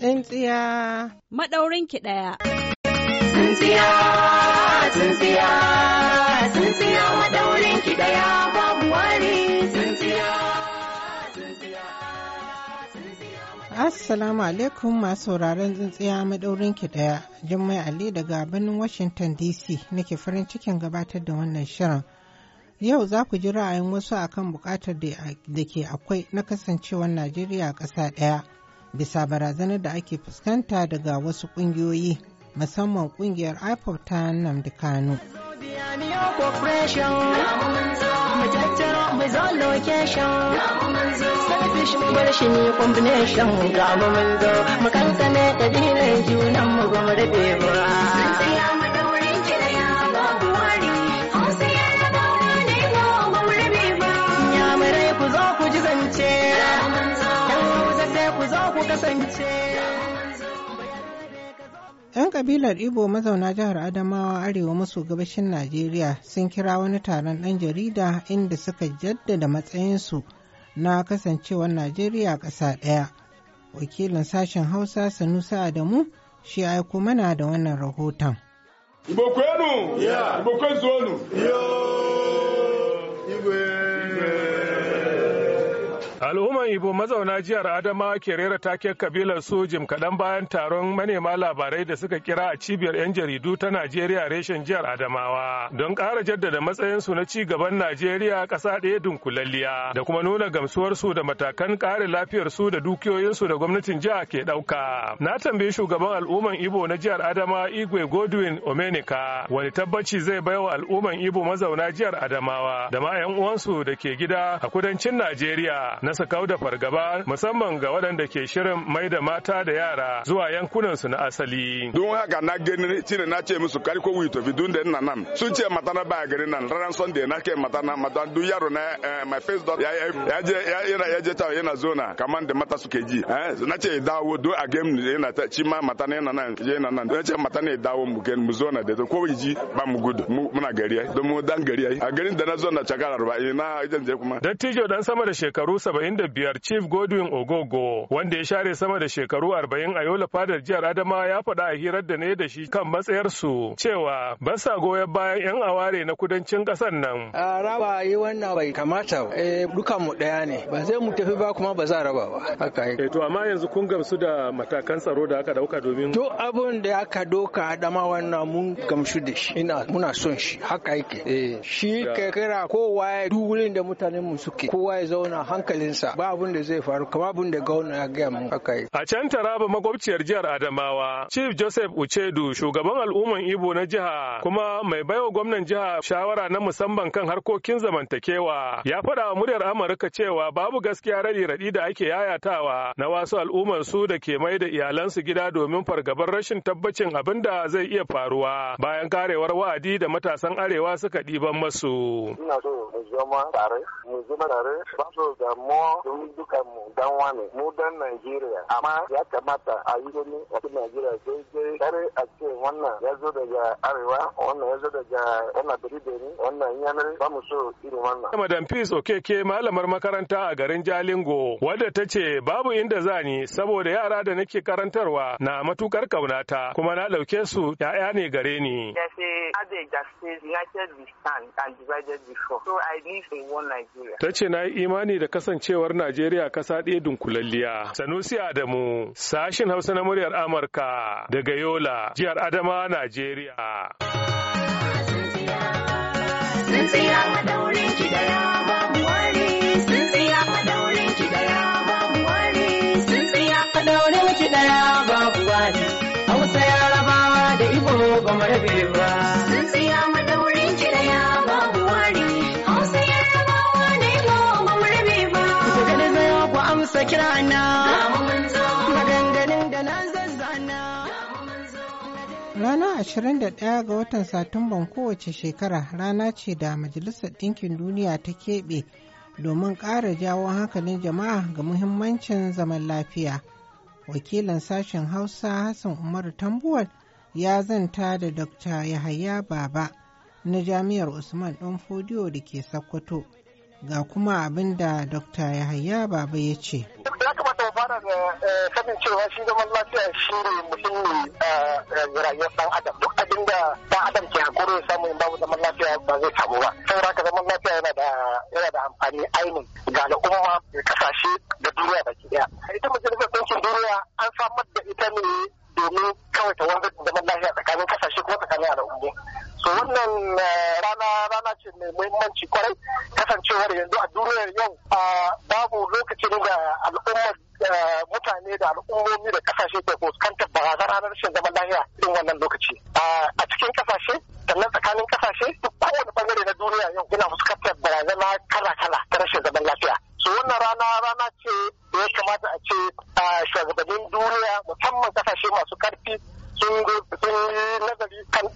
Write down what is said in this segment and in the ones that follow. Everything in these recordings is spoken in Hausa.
Tsintsiya. Maɗaurin ki ɗaya. Tsintsiya, tsintsiya, tsintsiya maɗaurin ki ɗaya babu wani tsintsiya. Assalamu alaikum masu sauraron tsintsiya maɗaurin ki ɗaya. Jummai Ali daga birnin Washington DC nake farin cikin gabatar da wannan shirin. Yau za ku ji ra'ayin wasu akan bukatar da ke akwai na kasancewar Najeriya ƙasa ɗaya. bisa barazanar da ake fuskanta daga wasu ƙungiyoyi musamman ƙungiyar IPOP ta Nnamdi Kano. mu 'Yan kabilar Igbo mazauna jihar Adamawa Arewa maso gabashin Najeriya sun kira wani taron ɗan jarida inda suka jaddada matsayinsu na kasancewar Najeriya ƙasa ɗaya. Wakilin sashen Hausa Sanusa Adamu shi aiko mana da wannan rahoton. Ibo kwenu! Al'umman Ibo mazauna jihar Adamawa ke rera taken kabilar su jim kaɗan bayan taron manema labarai da suka kira a cibiyar 'yan jaridu ta Najeriya reshen jihar Adamawa don ƙara jaddada matsayinsu na ci gaban Najeriya ƙasa ɗaya dunkulalliya da kuma nuna gamsuwarsu da matakan ƙare lafiyarsu da dukiyoyinsu da gwamnatin jiha ke ɗauka. Na tambayi shugaban al'umman Ibo na jihar Adamawa Igwe Godwin Omenika wani tabbaci zai baiwa al'umman Ibo mazauna jihar Adamawa da ma 'yan uwansu da ke gida a kudancin Najeriya na su kawo da fargaba musamman ga waɗanda ke shirin mai da mata da yara zuwa yankunan su na asali. Don haka na gani cire na ce musu kari ko wuyi tafi dun da ina nan. Sun ce mata na baya gari nan ranar Sunday na ke mata na mata dun yaro na eh, my face dot ya je yana ya je ta yana zona kaman da mata suke ji. Eh, na ce dawo do a game yana ta ci ma mata na yana nan yana nan. Na ce mata ne dawo mu gani mu zona da ko ji ba mu gudu muna gari ai don mu dan gari ai. A garin da na zona cakar arba ina eh, idan je kuma. Dattijo dan sama da shekaru 70 biyar Chief Godwin Ogogo wanda ya share sama da shekaru 40 a yola fadar jihar Adamawa ya faɗa a hirar da ne da shi kan matsayarsu cewa ba sa goyon bayan 'yan aware na kudancin kasar nan. A raba yi wannan bai kamata ba. Eh dukan mu ɗaya ne. Ba zai mu tafi ba kuma ba za raba ba. Haka yake. Eh, to amma yanzu kun gamsu da matakan tsaro da aka dauka domin. To abun da aka doka Adama wannan mun gamsu da shi. Ina muna son shi. Haka yake. Eh shi kai kira kowa ya duk wurin da mutanen mu suke. Kowa ya zauna hankalinsa. sa ba abun da zai faru kuma abun da gauna ya gaya mun aka yi. A can Taraba makwabciyar jihar Adamawa, Chief Joseph Uchedu shugaban al'umman Ibo na jiha kuma mai baiwa gwamnan jiha shawara na musamman kan harkokin zamantakewa ya faɗa wa muryar Amurka cewa babu gaskiya radi raɗi da ake yayatawa na wasu al'umman su da ke mai da iyalansu gida domin fargabar rashin tabbacin abin da zai iya faruwa bayan karewar wa'adi da matasan arewa suka ɗiban masu. Ina so mu zama tare, mu zama tare, ba so damuwa dawo dukan mu dan wane mu dan Najeriya amma ya kamata a yi gani a cikin Najeriya sai kare a ce wannan ya zo daga arewa wannan ya zo daga wannan biribiri wannan yanar ba mu so irin wannan. Madam Peace Okeke malamar makaranta a garin Jalingo wadda ta ce babu inda za ni saboda yara da nake karantarwa na matukar kaunata kuma na ɗauke su ya'ya ne gare ni. Ta ce na yi imani da kasancewa arewar Najeriya kasa ɗaya dunkulalliya. Sanusi Adamu, sashin Hausa na muryar Amurka daga Yola, jihar Adama, Najeriya. amsa kira na maganganun da na zazzana. Ranar 21 ga watan Satumban kowace shekara rana ce da Majalisar Dinkin Duniya ta keɓe domin ƙara jawo hankalin jama'a ga muhimmancin zaman lafiya. Wakilan sashen Hausa Hassan Umaru Tambuwal ya zanta da Dr. Yahaya Baba na Jami'ar Usman Ɗan Fodiyo da ke Sokoto. ga kuma abin da Dokta Yahaya Baba ya ce. Ya kamata mu fara da eh, sanin cewa shi zaman lafiya shi ne musulmi a rayuwar ɗan adam. Duk abin da ɗan adam ke hakuri samu babu zaman lafiya ba zai samu ba. Saboda haka zaman lafiya yana da amfani ainihin ga ne da al'ummomi da kasashe ke fuskantar barazana na rashin zaman lafiya irin wannan lokaci a cikin kasashe sannan tsakanin kasashe duk kowane bangare na duniya yau yana fuskantar barazana kala-kala ta rashin zaman lafiya so wannan rana rana ce da ya kamata a ce a shugabannin duniya musamman kasashe masu karfi sun yi nazari kan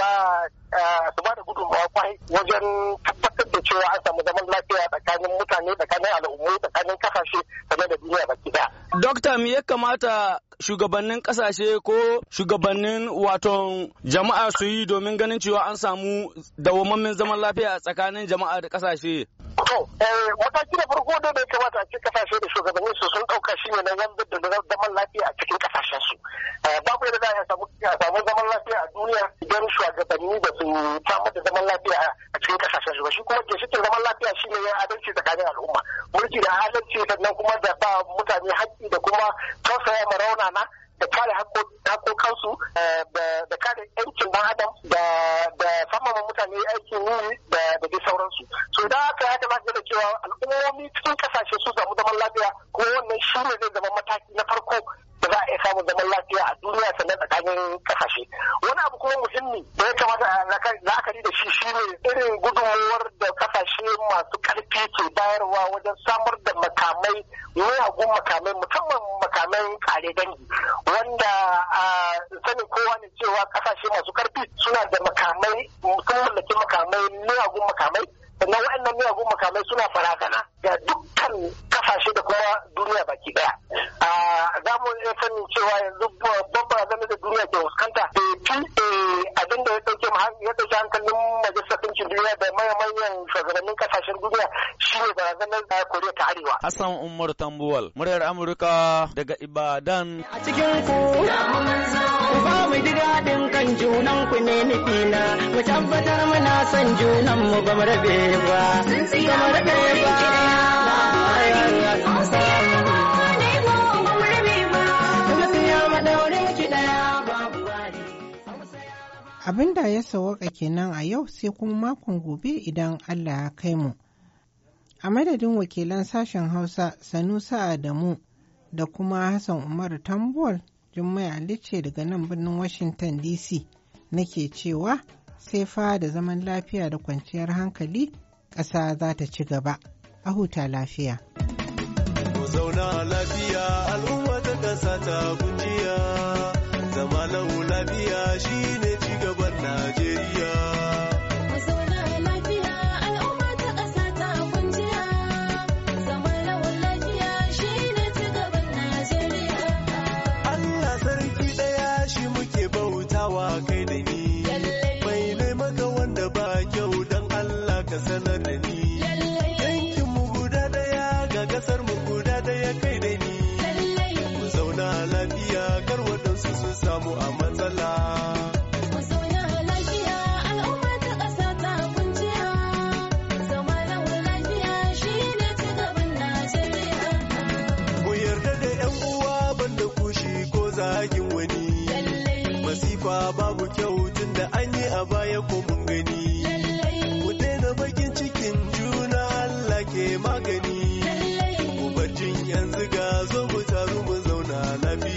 ba eh, su ba da gudunmawa kwai wajen tabbatar da cewa an samu zaman lafiya tsakanin mutane tsakanin al'ummu tsakanin kasashe sannan da duniya baki daya. Dokta me ya kamata shugabannin kasashe ko shugabannin wato jama'a su yi domin ganin cewa an samu dawwammamin zaman lafiya tsakanin jama'a da kasashe? To, eh, mataki na farko da bai kamata a cikin kasashe da shugabanni su sun ɗauka shi ne na yanzu da zaman lafiya a cikin kasashen su. Eh, babu yadda za a samu zaman lafiya a duniya idan shugabanni ba su samu da zaman lafiya a cikin kasashen su ba. Shi kuma cikin zaman lafiya shi ne ya adalci tsakanin al'umma. Mulki da adalci sannan kuma da ba mutane haƙƙi da kuma tausaya ma raunana da kare hakokansu eh, da kare yankin ɗan adam da samun mutane aikin yi da dai sauransu. So da. za ga da cewa al'ummomi cikin kasashe su samu zaman lafiya kuma wannan shi ne zai zama mataki na farko da za a iya samun zaman lafiya a duniya sannan tsakanin kasashe wani abu kuma muhimmi da ya kamata la'akari da shi shine irin gudunmuwar da kasashe masu karfi ke bayarwa wajen samar da miyagun makamai musamman makamai kare dangi wanda a sanin kowa ne cewa kasashe masu karfi suna da makamai sun mallaki makamai miyagun makamai sannan waɗannan miyagun makamai suna farazana ga dukkan Hassan Umar Tambuwal, muryar Amurka daga Ibadan. A cikin ku, ba mu ji daɗin kan junan ku ne nufi na, mu tabbatar muna son junan mu ba mu rabe ba, ba mu rabe ba. abin da ya sawaka kenan a yau sai kuma makon gobe idan Allah ya kai mu. A madadin wakilan sashen Hausa Sanusa Adamu da kuma Hassan Umaru Tambuwal Jummai Ali ce daga nan birnin Washington DC nake cewa sai fa da zaman lafiya da kwanciyar hankali ƙasa za ta ci gaba. A huta lafiya. Zauna lafiya. ka sanar da ni